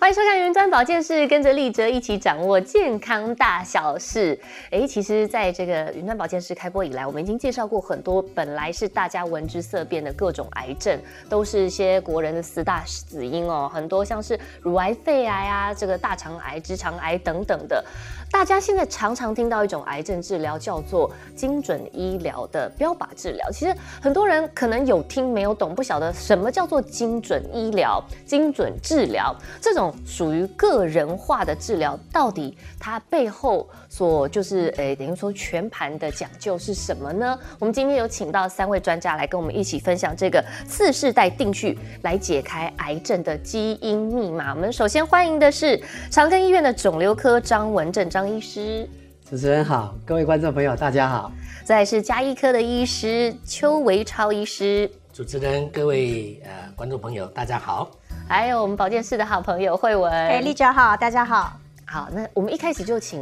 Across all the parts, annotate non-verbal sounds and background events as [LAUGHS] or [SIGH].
歡迎收看《雲端保健室》，跟着立喆一起掌握健康大小事。哎，其實，在這個《雲端保健室》開播以來，我們已經介紹過很多本來是大家聞之色變的各種癌症，都是一些國人的四大死因哦。很多像是乳癌、肺癌啊，這個大腸癌、直腸癌等等的。大家現在常常聽到一種癌症治療叫做精準醫療的標靶治療，其實很多人可能有聽沒有懂，不曉得什麼叫做精準醫療、精準治療，這種屬於個人化的治療，到底它背後所就是誒，等於說全盤的講究是什麼呢？我們今天有請到三位專家來跟我們一起分享這個次世代定序來解開癌症的基因密碼。我們首先歡迎的是長庚醫院的腫瘤科張文震張。張醫師，主持人好，各位觀眾朋友，大家好。再是家醫科的醫師邱維超醫師，主持人、各位呃觀眾朋友，大家好。還有我們保健室的好朋友惠雯，哎立喆好，大家好。好，那我們一開始就請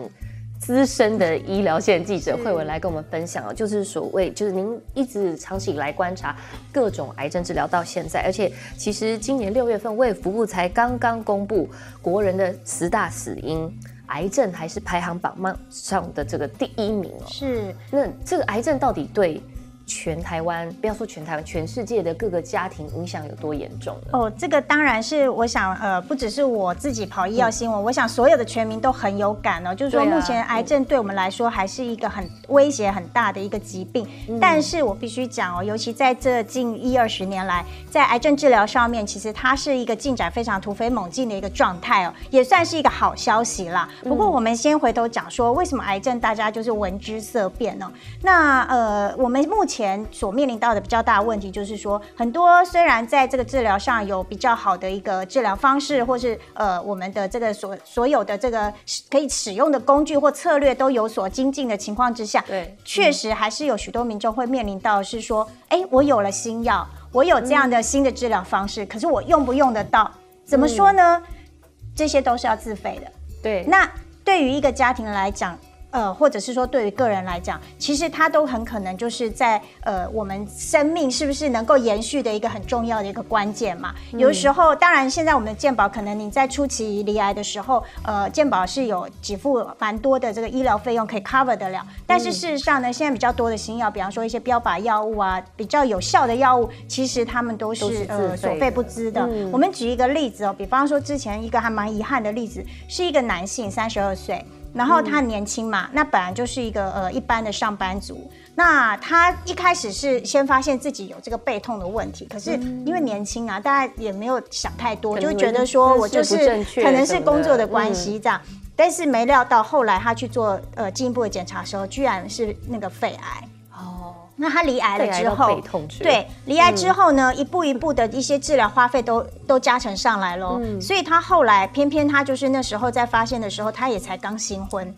資深的醫療線記者惠雯來跟我們分享，是就是所謂就是您一直長期以來觀察各種癌症治療到現在，而且其實今年六月份衛福部才剛剛公布國人的十大死因。癌症還是排行榜上的這個第一名哦、喔。是，那這個癌症到底對？全台灣，不要說全台灣，全世界的各個家庭影響有多嚴重哦。這個當然是，我想，呃，不只是我自己跑醫藥新聞，嗯、我想所有的全民都很有感哦。嗯、就是說，目前癌症對我們來說還是一個很威脅很大的一個疾病。嗯、但是我必須講哦，尤其在這近一二十年來，在癌症治療上面，其實它是一個進展非常突飛猛進的一個狀態哦，也算是一個好消息啦。不過，我們先回頭講說，為什麼癌症大家就是聞之色變呢、哦？那呃，我們目前。前所面臨到的比較大的問題，就是說，很多雖然在這個治療上有比較好的一個治療方式，或是呃，我們的這個所所有的這個可以使用的工具或策略都有所精進的情況之下，對，確實還是有許多民眾會面臨到是說，哎、嗯，我有了新藥，我有這樣的新的治療方式，嗯、可是我用不用得到？怎麼說呢？嗯、這些都是要自費的。對，那對於一個家庭來講。呃，或者是說，對於個人來講，其實它都很可能就是在呃，我們生命是不是能夠延續的一個很重要的一個關鍵嘛。嗯、有時候，當然，現在我們的健保可能你在初期罹癌的時候，呃，健保是有給付蠻多的這個醫療費用可以 cover 得了。但是事實上呢，現在比較多的新藥，比方說一些標靶藥物啊，比較有效的藥物，其實他們都是，都是呃所費不貲的。嗯、我們舉一個例子哦，比方說之前一個還蠻遺憾的例子，是一個男性，三十二歲。然後他年輕嘛，那本來就是一個呃一般的上班族。那他一開始是先發現自己有這個背痛的問題，可是因為年輕啊，大家也沒有想太多，嗯，就覺得說我就是可能是工作的關係這樣。嗯。但是沒料到後來他去做呃進一步的檢查的時候，居然是那個肺癌。那他罹癌了之後，對，罹癌之後呢，一步一步的一些治療花費都都加成上來了，所以他後來偏偏他就是那時候在發現的時候，他也才剛新婚，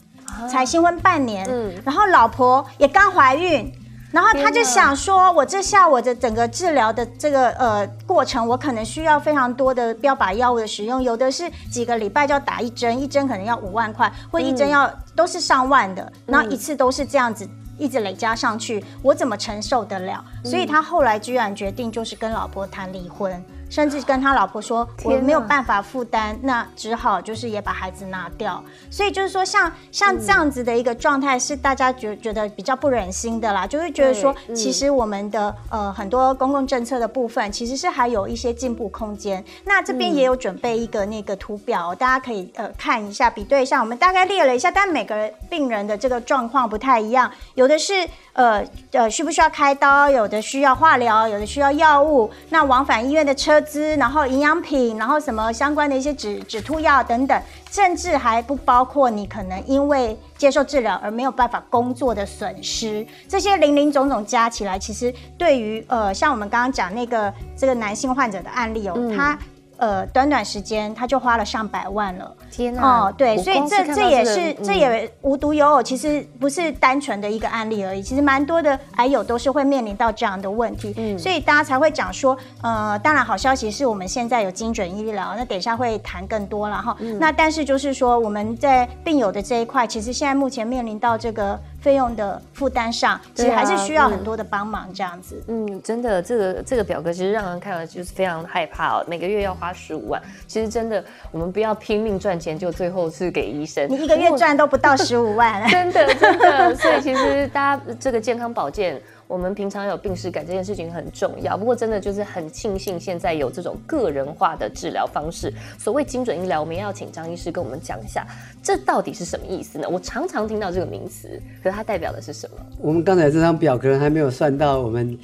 才新婚半年，然後老婆也剛懷孕，然後他就想說，我這下我的整個治療的這個呃過程，我可能需要非常多的標靶藥物的使用，有的是幾個禮拜就要打一針，一針可能要五萬塊，或一針要都是上萬的，然後一次都是這樣子。一直累加上去，我怎麼承受得了？嗯。所以他後來居然決定，就是跟老婆談離婚。甚至跟他老婆說，我沒有辦法負擔。哪那只好就是也把孩子拿掉。所以就是說，像像像這樣子的一個狀態，是大家覺覺得比較不忍心的啦。就是覺得說，其實我們的、嗯、呃很多公共政策的部分，其實是還有一些進步空間。那這邊也有準備一個那個圖表，大家可以呃看一下比對一下。我們大概列了一下，但每個病人的這個狀況不太一樣，有的是。呃呃，需不需要開刀？有的需要化療，有的需要藥物。那往返醫院的車資，然後營養品，然後什麼相關的一些止止吐藥等等，甚至還不包括你可能因為接受治療而沒有辦法工作的損失。這些零零總總加起來，其實對於呃，像我們剛剛講那個這個男性患者的案例哦、喔，嗯、他。呃，短短時間他就花了上百萬了，天哪、啊！哦，對，所以這、這個、這也是、嗯、這也無獨有偶，其實不是單純的一個案例而已，其實蠻多的癌友都是會面臨到這樣的問題，嗯、所以大家才會講說，呃，當然好消息是我們現在有精準醫療，那等一下會談更多了哈。嗯、那但是就是說我們在病友的這一塊，其實現在目前面臨到這個費用的負擔上，其實還是需要很多的幫忙這樣子、啊嗯。嗯，真的，這個這個表格其實讓人看了就是非常害怕哦，每個月要花。十五萬，其實真的，我們不要拼命賺錢，就最後是給醫生。你一個月賺都不到十五萬， [LAUGHS] [LAUGHS] 真的真的。所以其實大家這個健康保健，我們平常有病識感，這件事情很重要。不過真的就是很慶幸現在有這種個人化的治療方式，所謂精準醫療，我們要請張醫師跟我們講一下，這到底是什麼意思呢？我常常聽到這個名詞，可是它代表的是什麼？我們剛才這張表可能還沒有算到我們。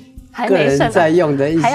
個人在用的一些，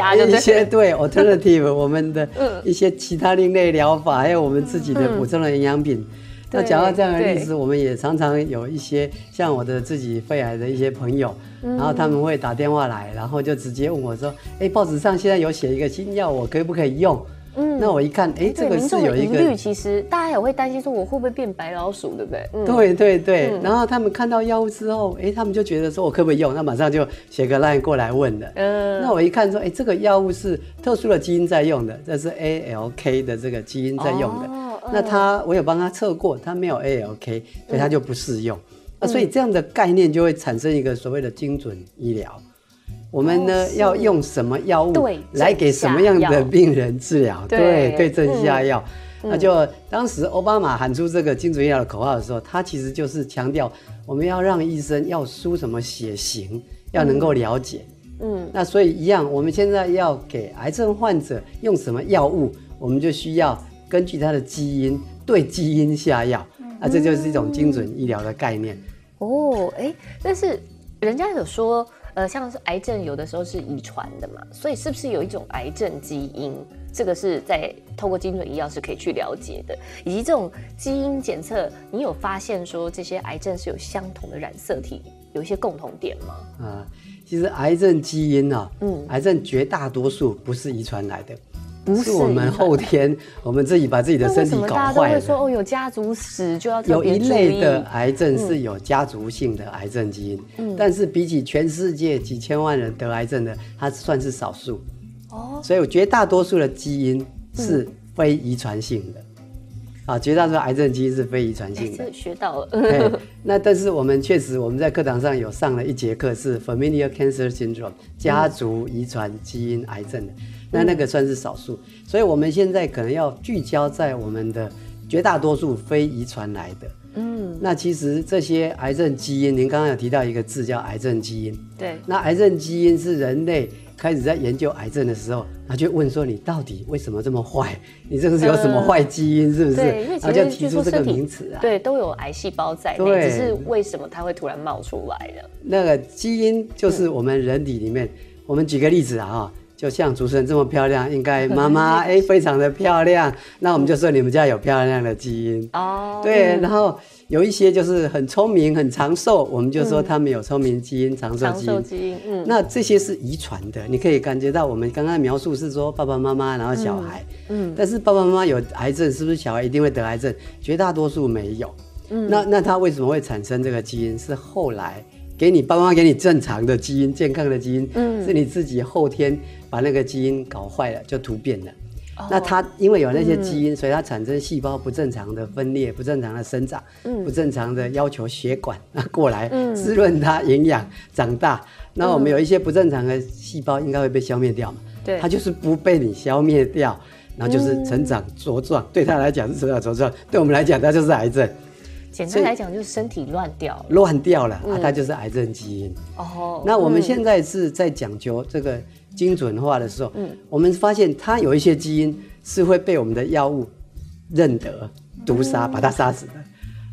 啊、一些對 alternative， [LAUGHS] 我們的一些其他另類療法，嗯、還有我們自己的補充的營養品。嗯、那講到這樣的例子，對我們也常常有一些像我的自己肺癌的一些朋友，對然後他們會打電話來，然後就直接問我說：“哎、嗯欸，報紙上現在有寫一個新藥，我可不可以用？”嗯，那我一看，哎、欸，對這個是有一個，其實大家也會擔心說我會不會變白老鼠，對不對？嗯、對對對。嗯、然後他們看到藥物之後，哎、欸，他們就覺得說，我可不可以用？那馬上就寫個 line 過來問了。嗯，那我一看說，哎、欸，這個藥物是特殊的基因在用的，這是 ALK 的這個基因在用的。哦。那他我有幫他測過，他沒有 ALK，所以他就不適用。嗯、那所以這樣的概念就會產生一個所謂的精準醫療。我們呢、嗯、是要用什麼藥物來給什麼樣的病人治療？對，對症下藥。嗯、那就當時歐巴馬喊出這個精準醫療的口號的時候，他其實就是強調我們要讓醫生要輸什麼血型，要能夠了解。嗯，嗯，那所以一樣，我們現在要給癌症患者用什麼藥物，我們就需要根據他的基因，對基因下藥。啊，這就是一種精準醫療的概念。嗯嗯、哦，哎、欸，但是人家有說。呃，像是癌症，有的時候是遺傳的嘛，所以是不是有一種癌症基因？這個是在透過精準醫藥是可以去了解的，以及這種基因檢測，你有發現說這些癌症是有相同的染色體，有一些共同點嗎？啊，其實癌症基因啊，嗯，癌症絕大多數不是遺傳來的。不是，是我們後天，我們自己把自己的身體搞壞了。大家都會說哦，有家族史就要特別注意。有一類的癌症是有家族性的癌症基因，但是比起全世界幾千萬人得癌症的，它，算是少數。哦，所以絕大多數的基因是非遺傳性的。啊，絕大多數的癌症基因是非遺傳性的。學到了。那但是我們確實我們在課堂上有上了一節課，是 familial cancer syndrome 家族遺傳基因癌症的。那那個算是少數，所以我們現在可能要聚焦在我們的絕大多數非遺傳來的。嗯，那其實這些癌症基因，您剛剛有提到一個字叫癌症基因。對，那癌症基因是人類開始在研究癌症的時候，他就問說：“你到底為什麼這麼壞？你這個是有什麼壞基因？是不是？”對，然後就提出這個名詞啊，對都有癌細胞在，對，只是為什麼它會突然冒出來的？那個基因就是我們人體裡面，我們舉個例子啊。就像主持人這麼漂亮，應該媽媽哎、欸、非常的漂亮， [LAUGHS] 那我們就說你們家有漂亮的基因哦。對，然後有一些就是很聰明、很長壽，我們就說他們有聰明基因、嗯、長壽基因。長壽基因，嗯。那這些是遺傳的，嗯、你可以感覺到我們剛剛描述是說爸爸媽媽，然後小孩，嗯。嗯，但是爸爸媽媽有癌症，是不是小孩一定會得癌症？絕大多數沒有。嗯。那那他為什麼會產生這個基因？是後來。給你爸媽給你正常的基因，健康的基因，嗯，是你自己後天把那個基因搞壞了，就突變了。哦、那它因為有那些基因，嗯、所以它產生細胞不正常的分裂、不正常的生長、嗯、不正常的要求血管、啊、過來、嗯、滋潤它營養、營養長大。那我們有一些不正常的細胞應該會被消滅掉嘛？對、嗯，它就是不被你消滅掉，然後就是成長茁壯。對它來講是成長茁壯，對我們來講它就是癌症。簡單來講，就是身體亂掉，亂掉了，掉了啊，嗯、它就是癌症基因。哦、oh, 嗯，那我們現在是在講究這個精準化的時候，嗯，我們發現它有一些基因是會被我們的藥物認得、毒殺，嗯、把它殺死的。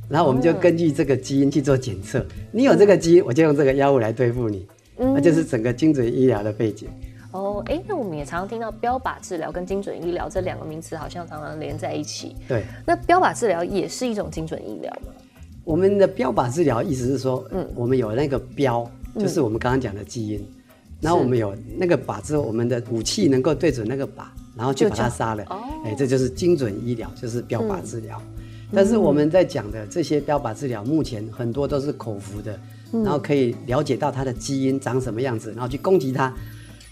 然後我們就根據這個基因去做檢測，嗯、你有這個基因，我就用這個藥物來對付你。嗯，那就是整個精準醫療的背景。哦，哎、欸，那我們也常常聽到標靶治療跟精準醫療這兩個名詞，好像常常連在一起。對，那標靶治療也是一種精準醫療嗎？我們的標靶治療意思是說，嗯，我們有那個標，就是我們剛剛講的基因，嗯、然後我們有那個靶之後，我們的武器能夠對準那個靶，然後就把它殺了。哎、哦欸，這就是精準醫療，就是標靶治療。嗯、但是我們在講的這些標靶治療，目前很多都是口服的，嗯、然後可以了解到它的基因長什麼樣子，然後去攻擊它。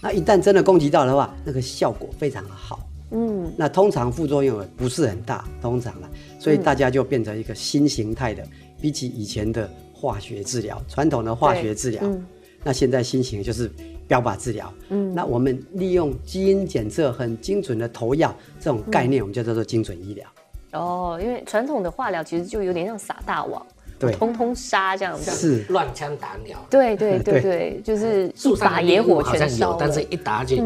那一旦真的攻擊到的話，那個效果非常的好。嗯，那通常副作用不是很大，通常啦，所以大家就變成一個新形態的，嗯、比起以前的化學治療，傳統的化學治療，嗯、那現在新型就是標靶治療。嗯，那我們利用基因檢測很精準的投藥、嗯、這種概念，我們就叫做精準醫療。哦，因為傳統的化療其實就有點像撒大網。通通殺這樣子，是亂槍打鳥。對對對對，就是打野火全燒，但是一打就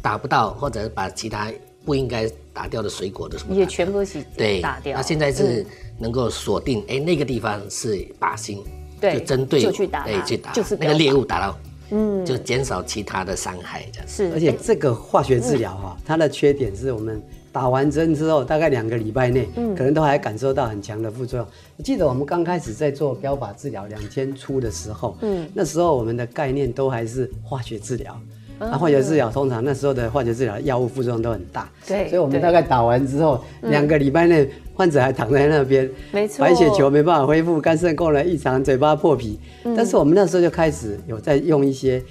打不到，或者把其他不應該打掉的水果的也全部是打掉。那現在是能夠鎖定，哎，那個地方是靶心，對，就針對就去打，對，去打就是那個獵物打到，嗯，就減少其他的傷害這樣。是，而且這個化學治療哈，它的缺點是我們。打完針之後，大概兩個禮拜內，嗯、可能都還感受到很強的副作用。我記得我們剛開始在做標靶治療兩千初的時候，嗯，那時候我們的概念都還是化學治療，那、嗯啊、化學治療對通常那時候的化學治療藥物副作用都很大，對所以我們大概打完之後，對兩個禮拜內、嗯、患者還躺在那邊，沒錯，白血球沒辦法恢復，肝腎功能異常，嘴巴破皮。嗯、但是我們那時候就開始有在用一些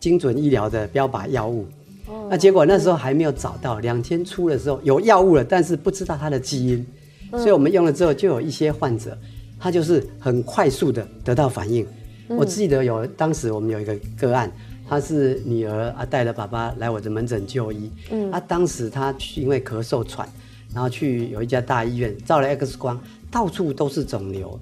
精準醫療的標靶藥物。那結果那時候還沒有找到，兩千初的時候有藥物了，但是不知道它的基因，嗯、所以我們用了之後就有一些患者，他就是很快速的得到反應。嗯、我記得有當時我們有一個個案，他是女兒啊帶了爸爸來我的門診就醫，嗯，他、啊、當時他去因為咳嗽喘，然後去有一家大醫院照了 X 光，到處都是腫瘤，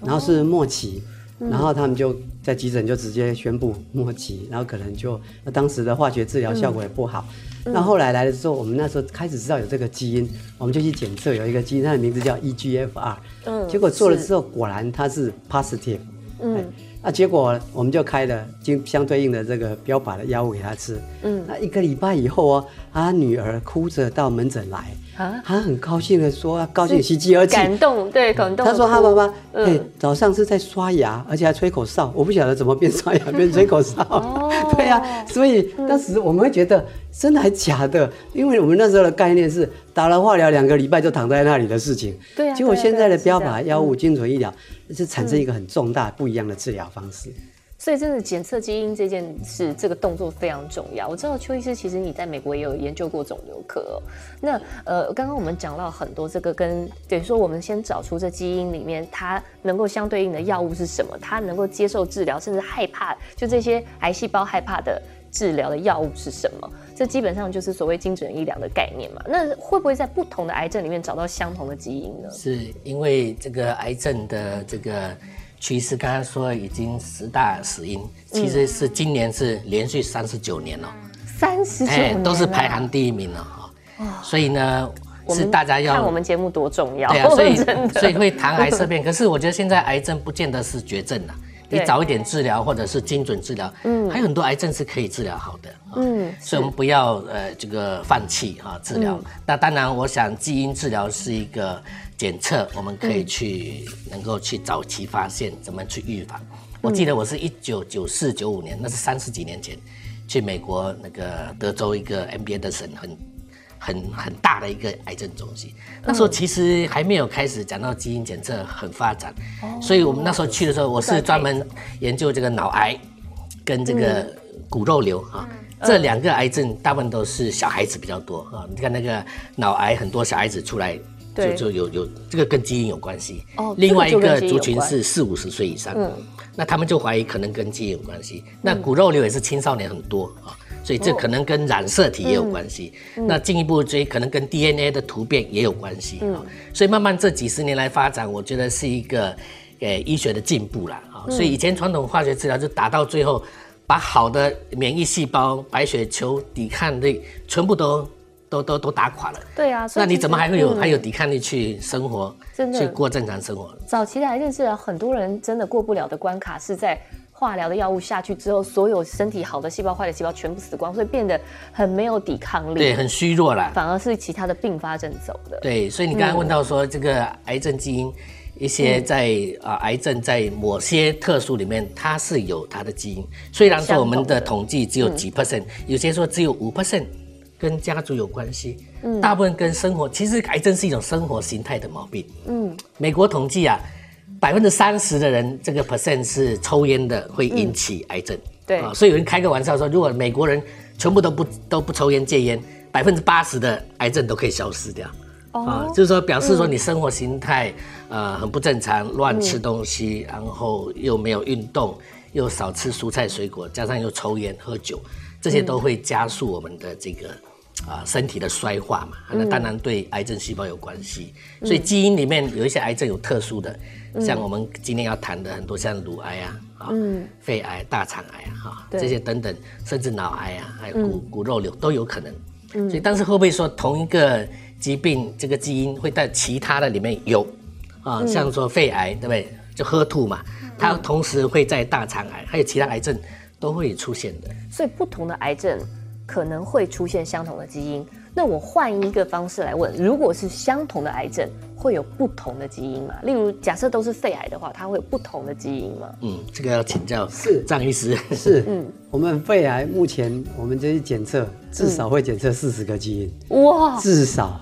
然後是末期。哦然後他們就在急診就直接宣布末期，然後可能就那當時的化學治療效果也不好。嗯嗯、那後來來了之後，我們那時候開始知道有這個基因，我們就去檢測有一個基因，它的名字叫 EGFR。嗯、結果做了之後，是果然它是 positive、嗯。嗯，那結果我們就開了相相對應的這個標靶的藥物給他吃。嗯，那一個禮拜以後哦，他女兒哭着到門診來。啊，哈他很高興的說，高興，喜極而泣，感動，對，感動。他說他爸媽哎，早上是在刷牙，而且還吹口哨，我不曉得怎麼邊刷牙邊吹 [LAUGHS] 口哨。 [LAUGHS] 哦、 [LAUGHS] 對呀、啊，所以當時我們會覺得、嗯、真的還是假的，因為我們那時候的概念是打了化療兩個禮拜就躺在那裡的事情。對呀、啊，結果現在的標靶藥物精準醫療是產生一個很重大不一樣的治療方式。嗯嗯所以，真的檢測基因這件事，這個動作非常重要。我知道邱醫師其實你在美國也有研究過腫瘤科喔。那呃，剛剛我們講到很多這個跟，等於說我們先找出這基因裡面它能夠相對應的藥物是什麼，它能夠接受治療，甚至害怕就這些癌細胞害怕的治療的藥物是什麼？這基本上就是所謂精準醫療的概念嘛。那會不會在不同的癌症裡面找到相同的基因呢？是因為這個癌症的這個。其實剛剛說已經十大死因，其實是今年是連續三十九年了，三十九年都是排行第一名了啊。所以呢，是大家要看我們節目多重要啊，所以所以會談癌色變。可是我覺得現在癌症不見得是絕症了，你早一點治療或者是精準治療，嗯，還有很多癌症是可以治療好的。嗯，所以我們不要呃這個放棄哈治療。那當然，我想基因治療是一個。檢測我們可以去，嗯、能夠去早期發現，怎麼去預防？嗯、我記得我是一九九四九五年，那是三十幾年前，去美國那個德州一個 MD Anderson，很很很大的一個癌症中心。嗯、那時候其實還沒有開始講到基因檢測很發展，嗯、所以我們那時候去的時候，我是專門研究這個腦癌跟這個骨肉瘤、嗯、啊，嗯、這兩個癌症大部分都是小孩子比較多啊。你看那個腦癌很多小孩子出來。對就就有有這個跟基因有關係，哦、另外一個族群，族群是四五十歲以上的，嗯、那他們就懷疑可能跟基因有關係。嗯、那骨肉瘤也是青少年很多啊，嗯、所以這可能跟染色體也有關係。哦嗯、那進一步追，可能跟 DNA 的突變也有關係啊。嗯、所以慢慢這幾十年來發展，我覺得是一個誒醫學的進步了啊。嗯、所以以前傳統化學治療就打到最後，把好的免疫細胞、白血球、抵抗力全部都。都都都打垮了，對啊，那你怎麼還會有、嗯、還有抵抗力去生活，真的去過正常生活？早期來認識了很多人，真的過不了的關卡是在化療的藥物下去之後，所有身體好的細胞、壞的細胞全部死光，所以變得很沒有抵抗力，對，很虛弱了，反而是其他的併發症走的。對，所以你剛才問到說、嗯、這個癌症基因，一些在啊、嗯呃、癌症在某些特殊裡面它是有它的基因，雖然說我們的統計只有幾 percent，、嗯、有，有些說只有五 percent。跟家族有關係，嗯，大部分跟生活其實癌症是一種生活形態的毛病，嗯，美國統計啊，百分之三十的人這個 percent 是抽菸的會引起癌症，嗯、對、啊，所以有人開個玩笑說，如果美國人全部都不都不抽菸戒菸，百分之八十的癌症都可以消失掉，哦、啊，就是說表示說你生活形態、嗯、呃很不正常，亂吃東西，嗯、然後又沒有運動，又少吃蔬菜水果，加上又抽菸喝酒，這些都會加速我們的這個。啊，身體的衰化嘛，那當然對癌症細胞有關係。嗯、所以基因裡面有一些癌症有特殊的，嗯、像我們今天要談的很多，像乳癌啊，嗯，肺癌、大腸癌啊，對這些等等，甚至腦癌啊，還有骨、嗯、骨肉瘤都有可能。嗯、所以，但是會不會說同一個疾病，這個基因會在其他的裡面有啊？嗯、像說肺癌，對不對？就喝吐嘛，它同時會在大腸癌、嗯、還有其他癌症都會出現的。所以，不同的癌症。可能會出現相同的基因，那我換一個方式來問：如果是相同的癌症，會有不同的基因嗎？例如，假設都是肺癌的話，它會有不同的基因嗎？嗯，這個要請教是張醫師。是， [LAUGHS] 是嗯，我們肺癌目前我們這些檢測至少會檢測四十個基因，嗯、哇，至少。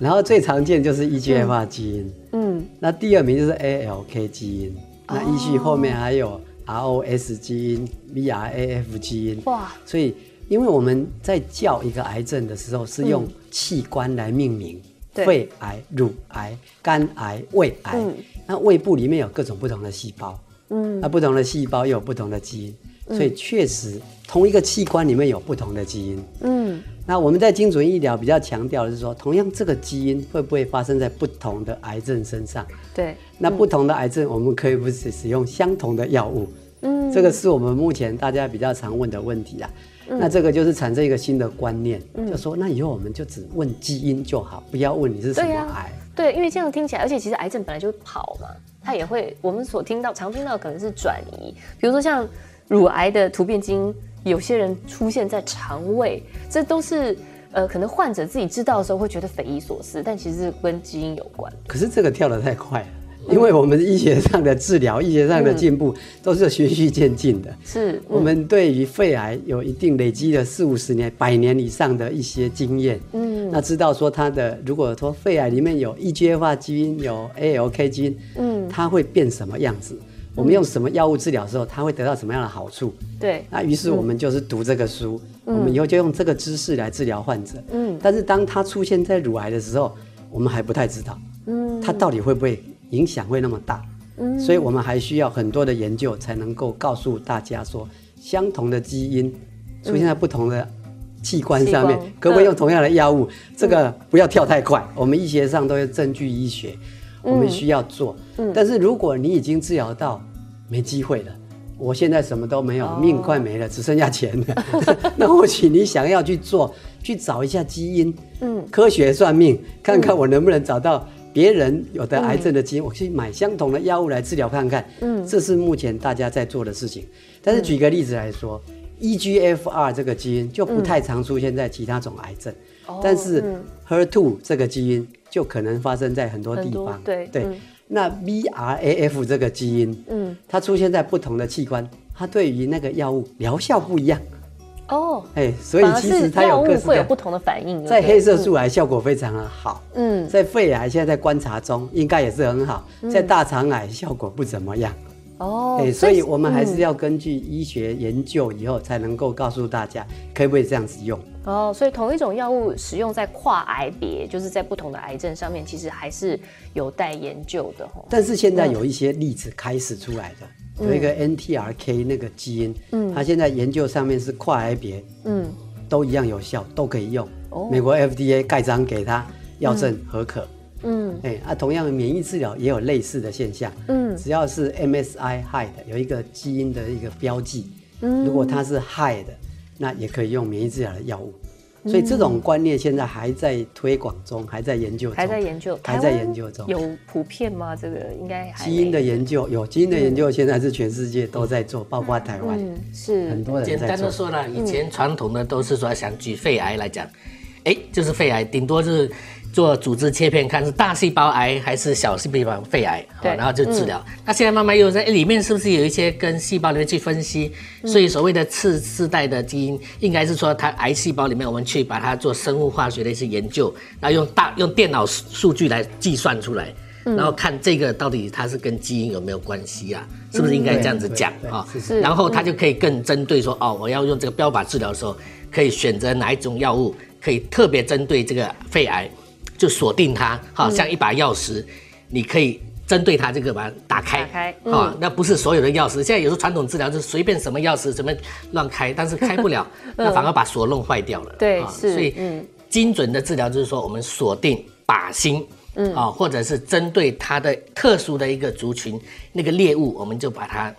然後最常見就是 EGFR 基因，嗯，嗯那第二名就是 ALK 基因，嗯、那依序後面還有 ROS 基因、哦、BRAF 基因，哇，所以。因為我們在叫一個癌症的時候，是用器官來命名，肺癌、乳癌、肝癌、膽癌、胃癌。嗯，那胃部裡面有各種不同的細胞，嗯，那不同的細胞又有不同的基因，嗯，所以確實同一個器官裡面有不同的基因。嗯，那我們在精準醫療比較強調的是說，同樣這個基因會不會發生在不同的癌症身上？對，嗯，那不同的癌症我們可以不使使用相同的藥物？嗯，這個是我們目前大家比較常問的問題啊。嗯、那這個就是產生一個新的觀念，嗯、就說那以後我們就只問基因就好，不要問你是什麼癌。對啊，對，因為這樣聽起來，而且其實癌症本來就會跑嘛，它也會我們所聽到常聽到的可能是轉移，比如說像乳癌的突變基因，有些人出現在腸胃，這都是呃可能患者自己知道的時候會覺得匪夷所思，但其實是跟基因有關。可是這個跳得太快了。因為我們醫學上的治療、嗯、醫學上的進步都是循序漸進的。是，嗯、我們對於肺癌有一定累積的四五十年、百年以上的一些經驗。嗯，那知道說它的，如果說肺癌裡面有 EGFR 基因，有 ALK 基因，嗯，它會變什麼樣子？嗯、我們用什麼藥物治療之後，它會得到什麼樣的好處？對。那於是我們就是讀這個書，嗯、我們以後就用這個知識來治療患者。嗯。但是當它出現在乳癌的時候，我們還不太知道。嗯，它到底會不會？影響會那麼大，嗯，所以我們還需要很多的研究才能夠告訴大家說，相同的基因出現在不同的器官上面，嗯、可不可以用同樣的藥物？嗯、這個不要跳太快，我們醫學上都要證據醫學，我們需要做。嗯嗯、但是如果你已經治療到沒機會了，我現在什麼都沒有，哦、命快沒了，只剩下錢了， [LAUGHS] 那或許你想要去做，去找一下基因，嗯，科學算命，看看我能不能找到、嗯。別人有的癌症的基因，嗯、我去買相同的藥物來治療看看。嗯，這是目前大家在做的事情。但是舉個例子來說，嗯、EGFR 這個基因就不太常出現在其他種癌症，嗯、但是 HER2 這個基因就可能發生在很多地方。對對，對嗯、那 BRAF 這個基因，嗯，它出現在不同的器官，它對於那個藥物療效不一樣。哦，哎、oh, 欸，所以其實它有各會有不同的反應，okay? 在黑色素癌效果非常的好，嗯，在肺癌現在在觀察中，應該也是很好，嗯、在大腸癌效果不怎麼樣。哦，哎，所以我們還是要根據醫學研究以後才能夠告訴大家，可不可以這樣子用。哦、嗯，oh, 所以同一種藥物使用在跨癌別，就是在不同的癌症上面，其實還是有待研究的。哦。但是現在有一些例子開始出來的。有一個 NTRK 那個基因，嗯，它現在研究上面是跨癌別，嗯，都一樣有效，都可以用。哦、美國 FDA 蓋章給他藥證核可，嗯，嗯，哎，啊，同樣的免疫治療也有類似的現象，嗯，只要是 MSI high 的有一個基因的一個標記，嗯，如果它是 high 的，那也可以用免疫治療的藥物。所以這種觀念現在還在推廣中，嗯、還在研究，還在研究，還在研究中。有普遍嗎？這個應該還基有。基因的研究有基因的研究，現在是全世界都在做，嗯、包括台灣、嗯嗯，是很多人。簡單的說呢，以前傳統的都是說，想舉肺癌來講，哎、嗯欸，就是肺癌，頂多是。做組織切片看是大細胞癌還是小細胞肺癌對、喔，然後就治療。嗯、那現在慢慢又在、欸、裡面是不是有一些跟細胞裡面去分析？所以所謂的次世代的基因，嗯、應該是說它癌細胞裡面我們去把它做生物化學的一些研究，然後用大用電腦數據來計算出來，嗯、然後看這個到底它是跟基因有沒有關係啊？是不是應該這樣子講啊？嗯、是是然後它就可以更針對說哦、喔，我要用這個標靶治療的時候，可以選擇哪一種藥物，可以特別針對這個肺癌。就鎖定它，好像一把鑰匙，嗯、你可以針對它這個把它打開，啊、嗯哦，那不是所有的鑰匙。現在有時候傳統治療就是隨便什麼鑰匙怎麼亂開，但是開不了， [LAUGHS] 嗯、那反而把鎖弄壞掉了。對，哦、是。所以精準的治療就是說，我們鎖定靶心，嗯，啊，或者是針對它的特殊的一個族群那個獵物，我們就把它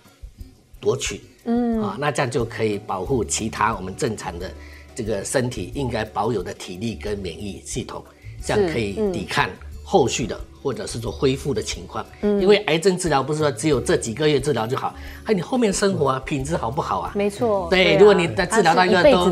奪取，嗯，啊、哦，那這樣就可以保護其他我們正常的這個身體應該保有的體力跟免疫系統。這樣可以抵抗後續的，或者是做恢復的情況，因為癌症治療不是說只有這幾個月治療就好，還有你後面生活啊，品質好不好啊？沒錯。對，如果你在治療到一個都，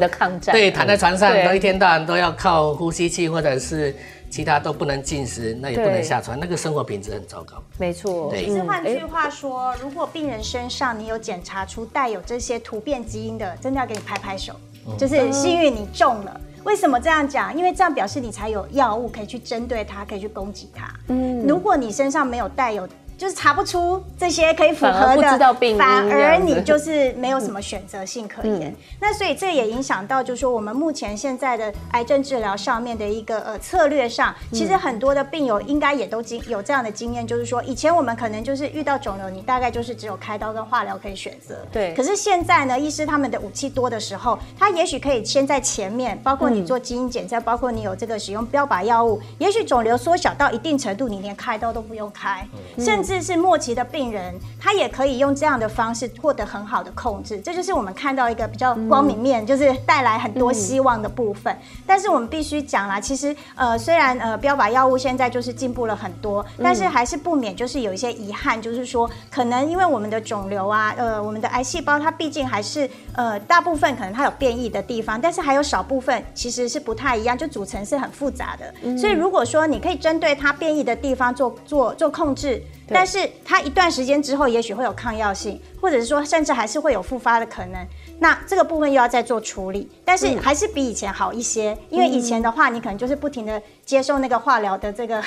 對，躺在床上都一天到晚都要靠呼吸器，或者是其他都不能進食，那也不能下床，那個生活品質很糟糕。沒錯。其實換句話說，如果病人身上你有檢查出帶有這些突變基因的，真的要給你拍拍手，就是幸運你中了。為什麼這樣講？因為這樣表示你才有藥物可以去針對它，可以去攻擊它。嗯，如果你身上沒有帶有。就是查不出這些可以符合的，反而你就是沒有什麼選擇性可言。嗯、那所以這也影響到，就是說我們目前現在的癌症治療上面的一個呃策略上，其實很多的病友應該也都經有這樣的經驗，嗯、就是說以前我們可能就是遇到腫瘤，你大概就是只有開刀跟化療可以選擇。對。可是現在呢，醫師他們的武器多的時候，他也許可以先在前面，包括你做基因檢測，嗯、包括你有這個使用標靶藥物，也許腫瘤縮小到一定程度，你連開刀都不用開，嗯、甚至。甚至是末期的病人，他也可以用這樣的方式獲得很好的控制，這就是我們看到一個比較光明面，嗯、就是帶來很多希望的部分。嗯、但是我們必須講啦，其實呃，雖然呃，標靶藥物現在就是進步了很多，但是還是不免就是有一些遺憾，就是說可能因為我們的腫瘤啊，呃，我們的癌細胞它畢竟還是。呃，大部分可能它有變異的地方，但是還有少部分其實是不太一樣，就組成是很複雜的。嗯嗯。所以如果說你可以針對它變異的地方做做做控制，對但是它一段時間之後，也許會有抗藥性，嗯、或者是說甚至還是會有復發的可能。那這個部分又要再做處理，但是還是比以前好一些，嗯、因為以前的話，你可能就是不停的接受那個化療的這個。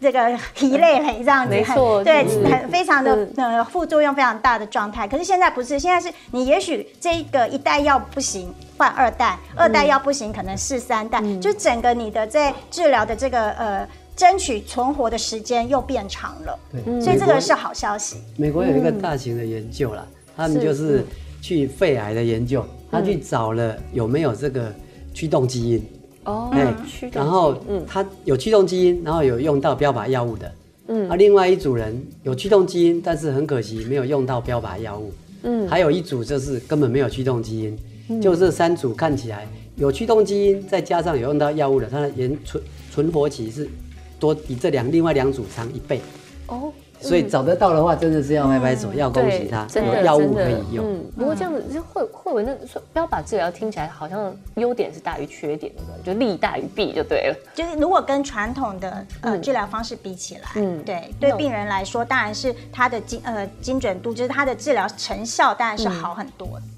這個疲累，這樣子，對，很是非常的是呃，副作用非常大的狀態。可是現在不是，現在是你也許這個一代藥不行，換二代，嗯、二代藥不行，可能試三代，嗯、就整個你的在治療的這個呃爭取存活的時間又變長了。對，所以這個是好消息，嗯，美。美國有一個大型的研究啦，嗯，他們就是去肺癌的研究，嗯、他去找了有沒有這個驅動基因。哦，然後，嗯，它有驅動基因，嗯、然後有用到標靶藥物的，嗯，而、啊、另外一組人有驅動基因，但是很可惜沒有用到標靶藥物，嗯，還有一組就是根本沒有驅動基因，嗯、就這三組看起來有驅動基因，再加上有用到藥物的，它的延存存活期是多比這兩另外兩組長一倍。哦。所以找得到的話，真的是要拍拍手，嗯、要恭喜他真的有藥物可以用。嗯嗯、不過這樣子就會會有那，不要把治療聽起來好像優點是大於缺點的，就利大於弊就對了。就是如果跟傳統的呃、嗯、治療方式比起來，嗯、對，對病人來說，當然是他的精呃精準度，就是他的治療成效，當然是好很多的。嗯